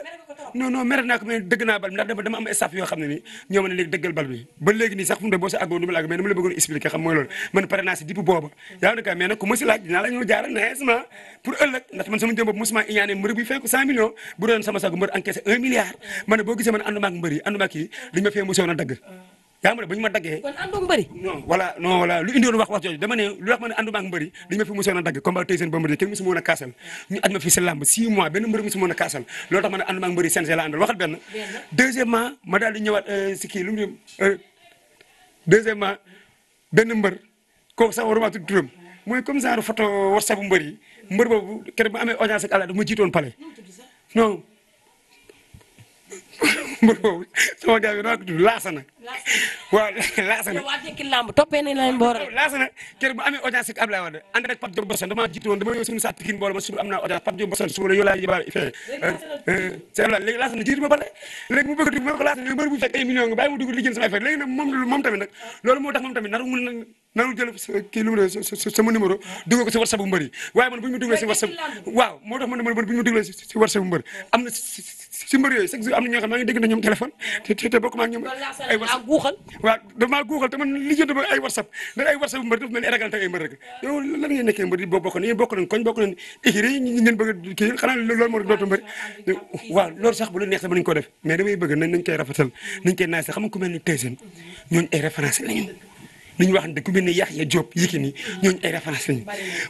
non non mere naa ko mais dëgg naa bal bi ndax dama am staff yoo xam ne nii ñoo ma ne léegi dëggal bal bi ba léegi nii sax fu mu ne boo sa àggoo du ma la àgg mais dama xam mooy loolu man pare naa si dipp booba yaa ngi mais nag ku ma si laaj dinaa la ñëw jaara naesement pour ëllëg ndax man sama sama sago mbër encaissé 1 milliard mm. man mbër yi ànduma ak yi dañ ma fee yaa ngi ma ne bu ñu ma daggee. kon àndoo ak mbëri. non voilà non voilà lu indiwoon wax wax jooju dama ne lu wax ma ne ànduma ak mbëri dañ ma fi mosoon a dagg combat Tyson Bombardier kenn mosu ma woon a kaasal ñu at ma fi si làmb 6 mois benn mbëri mosu ma woon a kaasal loolu tax ma ne ànduma ak mbëri CNG la àndal waxal benn. deuxièmement ma daal di ñëwaat euh, si kii lu mu euh, deuxièmement benn mbër kooku sax waruma tudd turam mooy comme genre photo whatsapp bu mbër yi mbër boobu keroog ma amee audience ak Alla daf ma jiitoon pale non boobu sama jaam yi ko tudd laasana. waaw laasana waa Tekki Lamb toppee nañ la mboora. laasana kër bu amee audience ak Abdoulaye Wade ànd ak Pape Diop Bosson dama jiitu woon dama yow suñu saa Pikine mbooloo ma suba am naa audience Pape Diop Bosson suba la yow laa yëbaale fee. Ah, ah, léegi laasana jiitu ma ba pare léegi mu bëgg a dugg ma ne ko laasana yow mën bu fekk ay millions nga bàyyi mu dugg liggéeyam sama affaire léegi nag moom moom tamit nag loolu moo tax moom tamit naru mun nanu jël kii lu mu ne sama numéro dugal ko si whatsapp bu mbër yi waaye man bu ñu ma dugalee si whatsapp waaw moo tax man man bu ñu ma dugalee si whatsapp bu mbër am na si mbër yooyu chaque jour am na ñoo xam maa ngi dégg na ñoom téléphone te te bokk maa ngi ñoom ay whatsapp guuxal waaw damaa guuxal te man li jot ay whatsapp ndax ay whatsapp mbër dafa mel ni ragal tag ay mbër rek yow lan ngay nekkee mbër boo bokk nañ bokk nañ koñ bokk nañ écrit ñu ngeen bëgg kii xanaa loolu moo dootu mbër waaw loolu sax bu la neex sax mën nañ ko def mais damay bëgg nañ nañ koy rafetal nañ koy naaj sax xam nga ku mel ni Tyson ñooñu ay référence lañu li ñu wax ne ku mel ni Yaxya Diop Yékini ñooñu ay référence lañu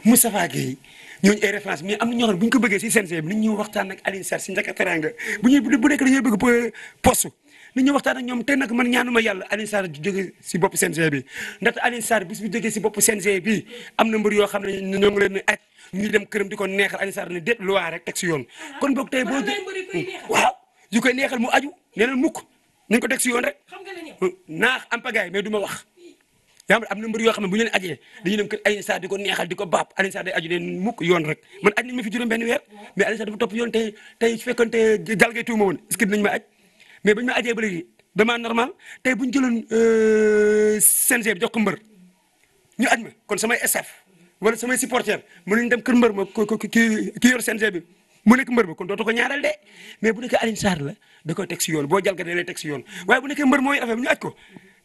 Moustapha Gueye ñooñu ay référence mais am ñoo xam ne bu ñu ko bëggee si CNC bi ñu waxtaan ak Alioune Sarr si njëkk a teranga bu ñu bu nekk dañoo bëgg poste ni ñu waxtaan ak ñoom te nag man ñaanuma yàlla Alioune Sarr jóge si bopp CNC bi ndax Alioune Sarr bis bu jógee si bopp CNC bi am na mbër yoo xam ne ñoo ngi leen di aj ñu dem këram di ko neexal Sarr ne déet loi rek teg si yoon kon boog tey boo waaw yu koy neexal mu aju nee na mukk nañ ko teg si yoon rek naax am pagaay mais du ma wax Ya, am mbir yoo xam ne bu ñu leen ajee dañuy dem kër Alioune Sarr di neexal di ko baab Alioune Sarr day aju leen mukk yoon rek man aj mi ma fi juróom benn weer mais Alioune Sarr dafa topp yoon tey tey su fekkoon tey tuuma woon est-ce que ma aj mais bañ ma ajee ba léegi dama normal tey bu ñu jëloon euh, CNG bi jox ko mbër ñu aj kon samay staff wala samay supporter mënuñ dem kër mbër ma ki yor CNG bi mu nekk mbër ma kon dootu ko ñaaral de mais bu nekkee Alioune Sarr la da koy teg si yoon boo jalgatee lay teg si yoon waaye bu nekkee mbër mooy affaire ñu aj ko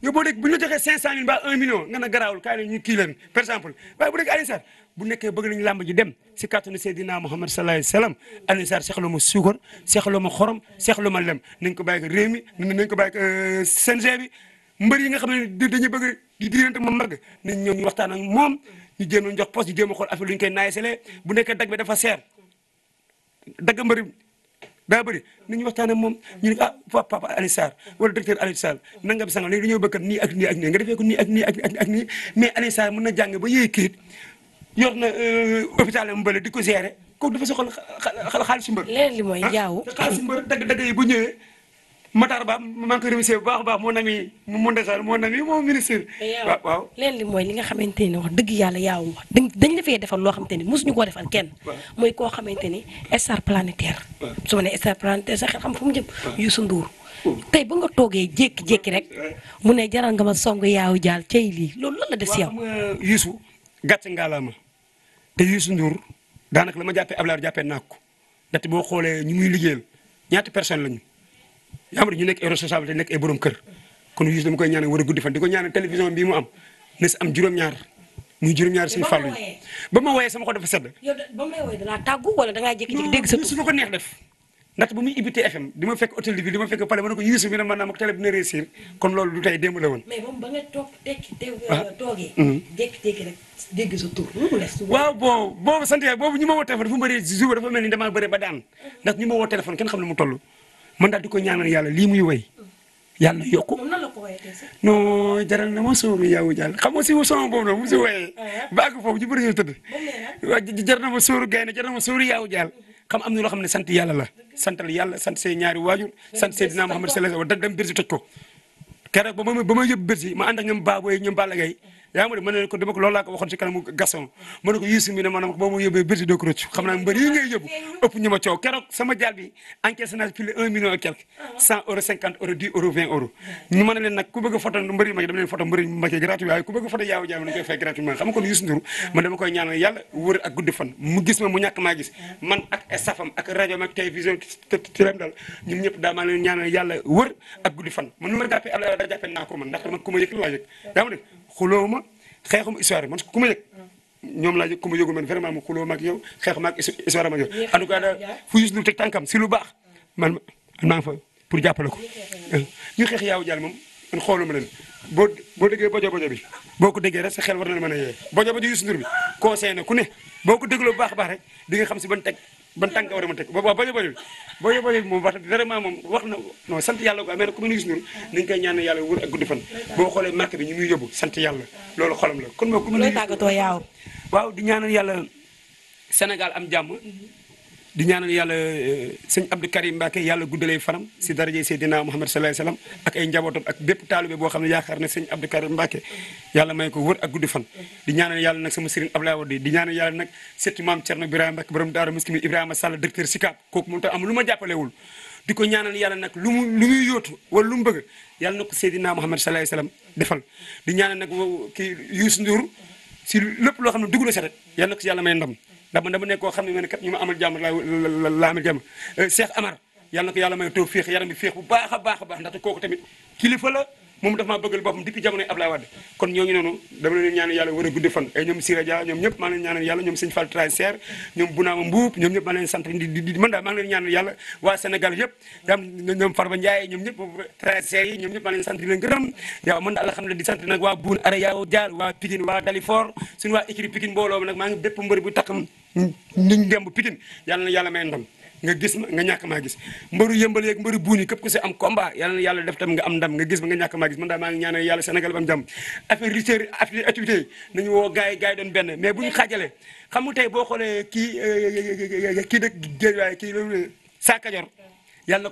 yow boo dégg bu ñu joxee 500000 mbaa 1 million nga ne garaawul kaay nañ ñu kii leen par exemple waaye bu dégg Alioune Sarr bu nekkee bëgg nañu làmb ji dem si kàttanu Seydina Muhammad sallallahu alayhi wa sallam Alioune ma suukar ko bàyyi ak réew nañ ko bàyyi ak CNG euh, bi yi nga xam ne dañuy bëgg di diirante ma màgg nañ ñëw ñu waxtaan moom ñu jéem a jox poste ñu jéem a xool affaire lu ñu koy bu nekkee dag bi dafa seer dagg mbër daa bëri nañu waxtaan ak moom ñu ne ah papa Alioune Sarr wala docteur Alioune Sarr nangam sangam léegi dañoo bëkkat nii ak nii ak nii nga defee ko nii ak nii ak ak nii mais Alioune Sarr mën na jàng ba yéey kayit yor na euh, hôpital am mbële di ko gérer kooku dafa soxla xaalisu mbër. leneen li mooy yaaw ah, xaalisu mbër dagg-dagg yi bu ñëwee. Matar Ba man ko koy bu baax a baax mon ami mo ndesal mo nami mo ministre. waaw waaw leen li moy li nga xamanteni wax deug yalla yaaw wax dañ la fay defal lo xamanteni ni ko defal kenn. moy ko xamanteni ni star planétaire. suma ma star planétaire sax xam fu mu jëm. Youssou Ndour. tay bu nga toogee jékki-jékki rek mu ne jaral nga ma song yaaw jaal cay li loolu la def si yow. gatt nga la ma te Youssou Ndour danaka lama jappé ablar jappé jàppee naa bo xolé ñu muy liggéel ñaati personne lañu yaa ngi ñu nekk ay responsable nekk ay borom kër kon juste dama koy ñaanal war a guddi fan di ko ñaanal télévision bii mu am na si am juróom-ñaar mu juróom-ñaar suñu fàllu yi ba ma wooyee sama xol dafa sedd. yow ba wala dangaa jékki-jékki dégg su ma ko neex def ndax bu muy ibité FM di ma fekk hôtel de ville di ma fekk palais ma ne ko Youssou mi ne man naa ma ko télé loolu du tey démb la woon. mais moom ba nga toog tekki ah. euh, toogee. Mm-hmm. jékki-jékki rek dégg sa mu les. waaw bon ñu ma woo dafa bëri mel ni dama bëri ba daan ndax ñu ma woo téléphone kenn xam ne mu toll man daal di ko ñaanal yàlla lii muy woy yàlla yokku. non jaral na ma sóoru yow jàll xam nga si sama boobu noonu mu si woyee. Ah ah. ba àgg foofu ji bëri tëdd. waaw jar na ma sóoru gaynde jar na ma sóoru yow jàll. xam am na loo xam ne sant yàlla la santal yàlla sant say ñaari waajur sant Seydina Muhammad sallallahu alayhi wa sallam dem birsi toj ko keroog ba ma ba ma yëpp birsi ma ànd ak ñoom Baboye ñoom Balla yaa ma de ma ne ko dama ko loolu laa ko waxoon ci kanamu Gaston yi ngay yóbbu ëpp ñu ma coow sama jaal bi naa plus de un million et quelque uh-huh. cent euros cinquante euros dix euros vingt euros ñu mën a leen nag ku bëgg a photo mag dama leen photo waaye ku bëgg a photo yaaw jaam uh-huh. ma mu ñàkk maa gis uh-huh. ñëpp daa ma jàppee ala jàppee naa ko man ndax ma yëg laa yëg yaa ma def xulóo ma xeexu ma histoire man ku ma yëg. ñoom laa yëg ku ma yëgul man vraiment mu xulóo ma ak yow xeexu ma ak histoire ma ak yow. en tout cas daal fu Youssou Ndour teg tànkam si lu baax. man maa ngi fa pour jàppale ko. ñu xeex yaaw jaal moom man xooluma leen boo boo déggee bojo bojo bi boo ko déggee rek sa xel war na mën a yee bojo bojo Youssou Ndour bi conseil na ku ne boo ko dégloo bu baax baax rek di nga xam si ban teg ban tànk war a mën a teg waaw boo boo boo boo moom wax vraiment moom wax na non sant yàlla ko amee na commune Youssou Ndour nañu koy ñaanal yàlla wër ak guddi fan boo xoolee marque bi ñu muy yóbbu sant yàlla loolu xolam la kon moo commune waaw di ñaanal yàlla Sénégal am jàmm di ñaanal yàlla eh, sëñ Abdou Karim Mbacke yàlla guddalee fanam si daraje Seydina Muhammad sallallahu alayhi wasallam ak ay njabootam ak bépp taalibe boo xam ne yaakaar na sëñ Abdou Karim Mbacke yàlla may ko wër ak guddi fan di ñaanal yàlla nag sama sëriñ Abdoulaye Wade di ñaanal yàlla nag sëtti maam Thierno Ibrahima Mbacke borom daara muskimi Ibrahima Sall directeur SICAP kooku moom tam am lu ma jàppalewul di ko ñaanal yàlla nag lu mu lu muy yóotu lu mu yàlla na ko Seydina Muhammad sallallahu alayhi wasallam defal di ñaanal nag kii Youssou Ndour si lépp loo xam ne dugg na sa rek yàlla na ko si yàlla may ndam ndax man dama nekk koo xam ne man kat ñu ma amal jàmm laa laa amal jàmm euh, Cheikh Amar yàlla na ko yàlla may taw féex yaram bi féex bu baax a baax a baax ndaxte kooku tamit kilifa la moom dafa maa bëggal boppam depuis jamonoy Ablaye Wade kon ñooñu noonu dama leen ñaanal yàlla a gudd fan ay ñoom Sira Dia ñoom ñëpp maa leen ñaanal yàlla ñoom ñoom ñëpp maa waa Sénégal yëpp ñoom Farba Ndiaye ñoom ñëpp Tracer yi ñoom ñëpp maa leen sant di leen gërëm yow daal xam ne di sant nag waa Boun Araya Dial waa Pikine waa Dalifor suñu waa équipe Pikine mbooloo nag maa ngi dépp mbër bu takk ñu dem bu Pikine yàlla na yàlla may ndam nga gis ma nga ñàkk maa gis mbaru yëmbal yeeg mbaru buuni képp ku si am combat yàlla def tam nga am ndam nga gis ma nga ñàkk maa gis man daal maa ngi ñaanal yàlla Sénégal ba am jàmm affaire lutteurs activité yi nañu woo gars yi gars yi doon benn mais bu ñu xaajale xam nga tey boo xoolee kii euh, kii dëkk géej waaye kii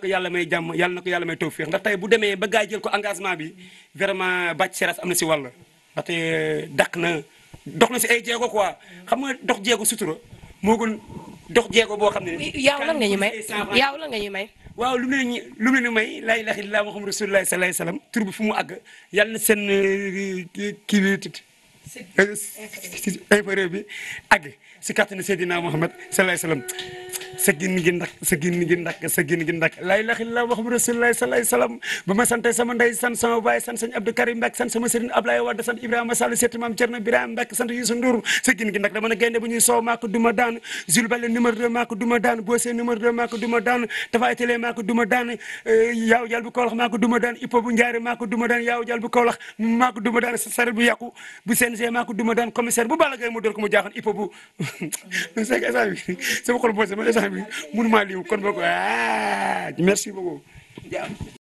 ko yàlla may jàmm yàlla na ko yàlla may tawfeex ndax tey bu demee ba gars yi jël ko engagement bi vraiment bàcc seras am na si wàll ndaxte euh, dàq na dox na si ay jéego quoi xam nga dox jéego sutura moo dox jeego boo xam ne. yaaw lan nga ñu may yaaw la nga ñu may. waaw lu mu ne lu mu nu may laa ilaaha illallaah Muhammadu rasuulullaahi sallallaahu alayhi wa sallam tur bi fu mu àgg yàlla na seen euh, kii bi inférieur bi àgg. si kàttanu Seydina Muhammad sallallahu alayhi wa sallam sa génn gi ndak sa génn gi ndak sa génn gi ndak laa ilaaha illallaah Muhammadu rasuulullaahi sallallahu alayhi wa sallam ba ma sante sama ndey sant sama baay sant sëñ Abdou Karim Mbacke sant sama sëriñ Ablaye Wade sant Ibrahima Sall seeti maam Cerno Birahim Mbacke sant Youssou Ndour sa génn gi ndak dama ne gaynde bu ñuy soow maa ko duma daan Jules Baldé numéro 2 maa ko duma daan Bosé numéro 2 maa ko duma daan Tafaye Télé maa ko duma daan eh, yaaw jal bu Kaolack maa ko duma daan Ipo bu Njaare maa ko duma daan yaaw jal bu Kaolack maa ko duma daan saret bu yàqu bu CNG maa ko duma daan commissaire bu Balla Gaye mu dóor ko mu jaaxan Ipo bu man c'est que instant bi sama xol boobu sama instant bi merci beaucoup.